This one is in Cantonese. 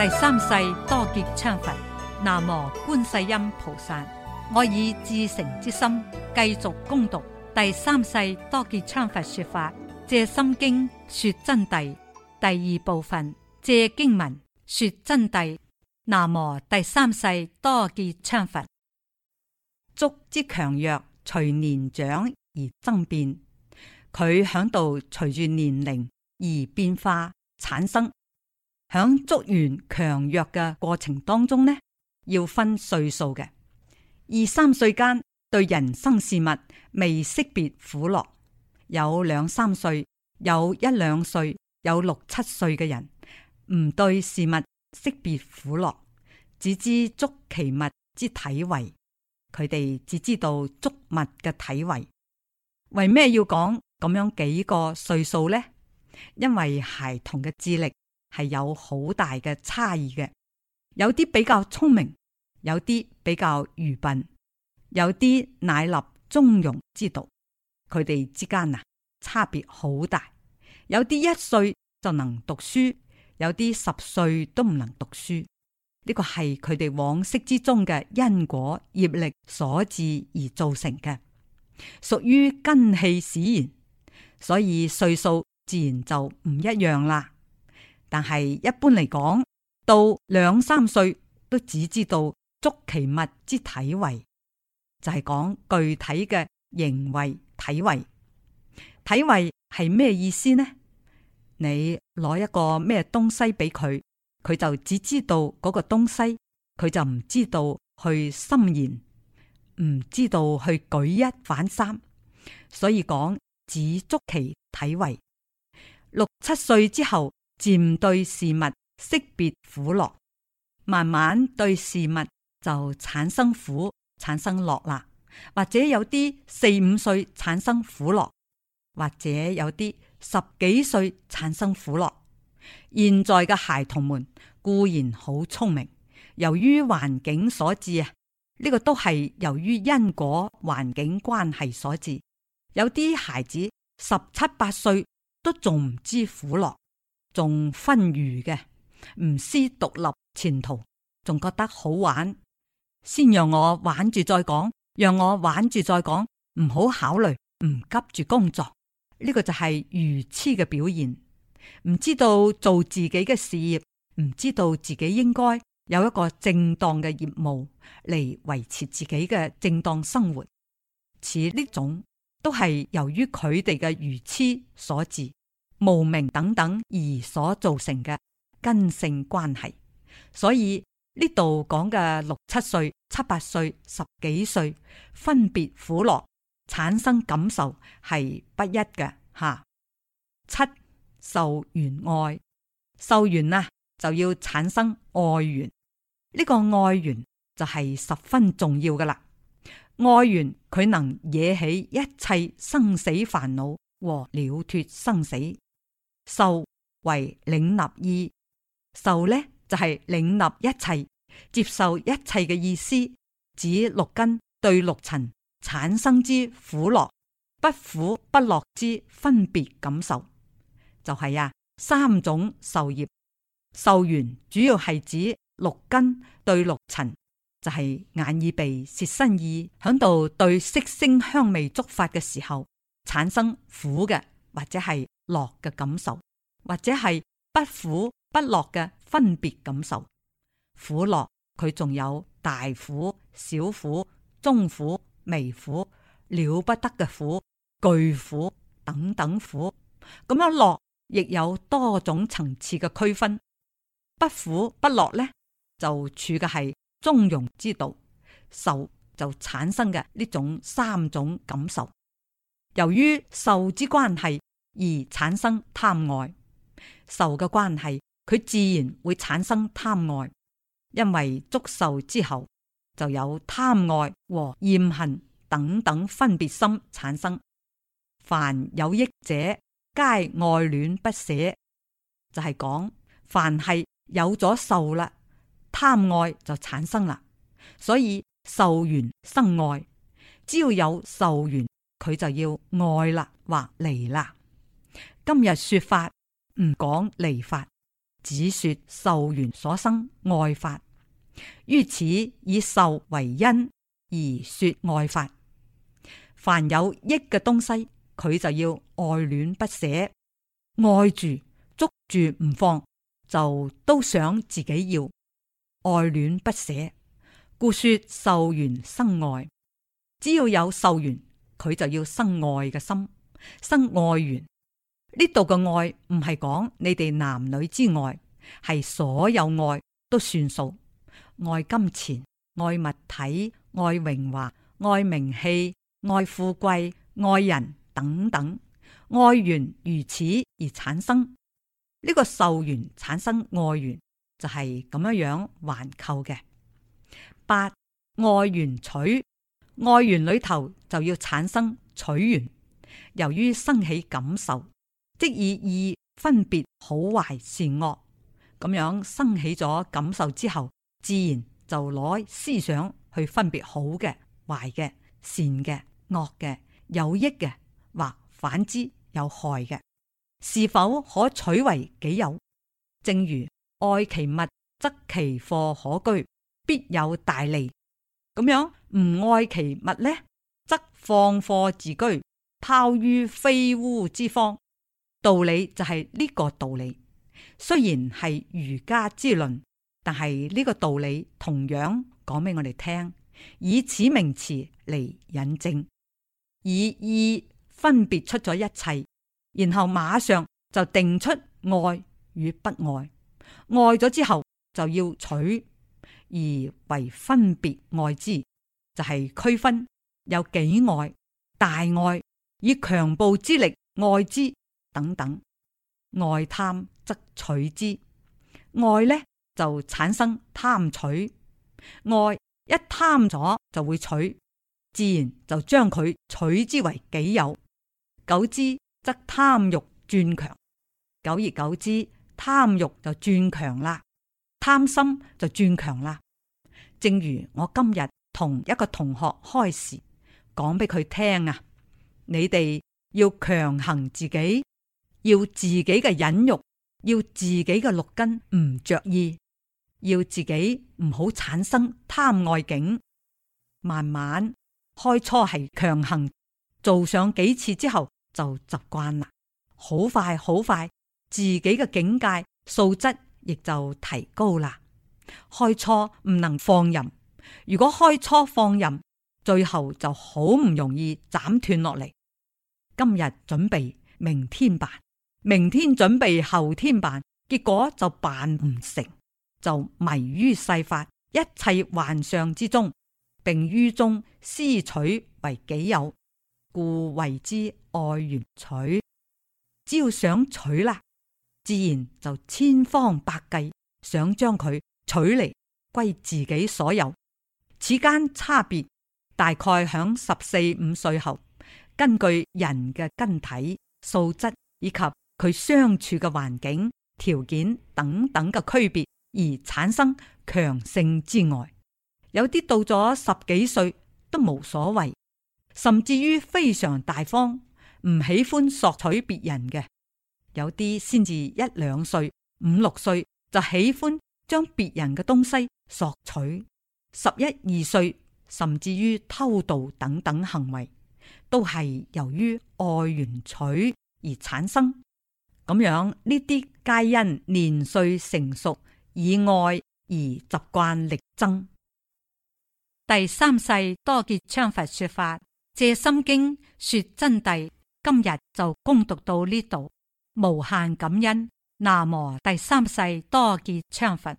第三世多杰羌佛，南無觀世音菩薩。我以至誠之心繼續攻讀第三世多杰羌佛說法，藉心經說真諦第二部分，藉經文說真諦。南無第三世多杰羌佛。足之強弱隨年長而增變，佢響度隨住年齡而變化產生。響捉完強弱嘅過程當中呢，要分歲數嘅。二三歲間對人生事物未識別苦樂，有兩三歲，有一兩歲，有六七歲嘅人，唔對事物識別苦樂，只知捉其物之體位，佢哋只知道捉物嘅體位。為咩要講咁樣幾個歲數呢？因為孩童嘅智力，係有好大嘅差異嘅，有啲比較聰明，有啲比較愚笨，有啲乃立中庸之道，佢哋之間啊差別好大。有啲一歲就能讀書，有啲十歲都唔能讀書。呢個係佢哋往昔之中嘅因果業力所致而造成嘅，屬於根氣使然，所以歲數自然就唔一樣啦。但係一般嚟講，到兩三歲都只知道捉其物之體位，就係、是、講具體嘅形位體位。體位係咩意思呢？你攞一個咩東西俾佢，佢就只知道嗰個東西，佢就唔知道去心言，唔知道去舉一反三。所以講只捉其體位。六七歲之後。漸對事物識別苦樂，慢慢對事物就產生苦，產生樂啦。或者有啲四五歲產生苦樂，或者有啲十幾歲產生苦樂。現在嘅孩童們固然好聰明，由於環境所致啊，呢個都係由於因果環境關係所致。有啲孩子十七八歲都仲唔知苦樂。仲分魚嘅，唔思獨立前途，仲覺得好玩，先讓我玩住再講，讓我玩住再講，唔好考慮，唔急住工作，呢個就係愚癡嘅表現，唔知道做自己嘅事業，唔知道自己應該有一個正當嘅業務嚟維持自己嘅正當生活，似呢種都係由於佢哋嘅愚癡所致。無明等等而所造成嘅根性關係，所以呢度講嘅六七歲、七八歲、十幾歲分別苦樂產生感受係不一嘅吓。七、受緣愛，受緣啦就要產生愛緣，呢、這個愛緣就係十分重要噶啦。愛緣佢能惹起一切生死煩惱和了脱生死。受為領納意，受呢，就係、是、領納一切、接受一切嘅意思，指六根對六塵產生之苦樂、不苦不樂之分別感受，就係、是、啊三種受業。受緣主要係指六根對六塵，就係、是、眼耳鼻舌身意響度對色聲香味觸法嘅時候產生苦嘅，或者係樂嘅感受，或者係不苦不樂嘅分別感受。苦樂佢仲有大苦、小苦、中苦、微苦、了不得嘅苦、巨苦等等苦。咁樣樂亦有多種層次嘅區分。不苦不樂咧，就處嘅係中庸之道。受就產生嘅呢種三種感受。由於受之關係而產生貪愛，受嘅關係佢自然會產生貪愛，因為觸受之後就有貪愛和厭恨等等分別心產生。凡有益者，皆愛戀不捨，就係、是、講凡係有咗受啦，貪愛就產生啦。所以受緣生愛，只要有受緣。佢就要愛啦或離啦。今日說法唔講離法，只說受緣所生愛法。於此以受為因而說愛法。凡有益嘅東西，佢就要愛戀不捨，愛住捉住唔放，就都想自己要愛戀不捨。故說受緣生愛，只要有受緣。佢就要生愛嘅心，生愛緣。呢度嘅愛唔係講你哋男女之愛，係所有愛都算數。愛金錢，愛物體，愛榮華，愛名氣，愛富貴，愛人等等。愛緣如此而產生，呢、這個受緣產生愛緣就係、是、咁樣樣環扣嘅。八愛緣取。愛緣裏頭就要產生取緣，由於生起感受，即以意分別好壞善惡，咁樣生起咗感受之後，自然就攞思想去分別好嘅、壞嘅、善嘅、惡嘅、有益嘅，或反之有害嘅，是否可取為己有？正如愛其物，則其貨可居，必有大利。咁樣唔愛其物呢，則放貨自居，拋於非污之方。道理就係呢個道理，雖然係儒家之論，但係呢個道理同樣講俾我哋聽，以此名詞嚟引證，以意分別出咗一切，然後馬上就定出愛與不愛，愛咗之後就要取。而為分別愛之，就係、是、區分有幾愛、大愛以強暴之力愛之等等。愛貪則取之，愛呢，就產生貪取，愛一貪咗就會取，自然就將佢取之為己有。久之則貪欲轉強，久而久之貪欲就轉強啦。貪心就轉強啦，正如我今日同一個同學開示，講俾佢聽啊！你哋要強行自己，要自己嘅忍辱，要自己嘅六根唔着意，要自己唔好產生貪外境。慢慢開初係強行做上幾次之後就習慣啦，好快好快，自己嘅境界素質。亦就提高啦。開初唔能放任，如果開初放任，最後就好唔容易斬斷落嚟。今日準備，明天辦；明天準備，後天辦，結果就辦唔成，就迷於世法，一切幻相之中，並於中私取為己有，故謂之愛緣取。只要想取啦。自然就千方百計想將佢取嚟歸自己所有。此間差別大概響十四五歲後，根據人嘅根體素質以及佢相處嘅環境條件等等嘅區別而產生強盛之外，有啲到咗十幾歲都冇所謂，甚至於非常大方，唔喜歡索取別人嘅。有啲先至一兩歲、五六歲就喜歡將別人嘅東西索取，十一二歲甚至於偷盜等等行為，都係由於愛緣取而產生。咁樣呢啲皆因年歲成熟以愛而習慣力爭。第三世多杰羌佛說法藉心經說真諦，今日就攻讀到呢度。無限感恩，南無第三世多杰羌佛。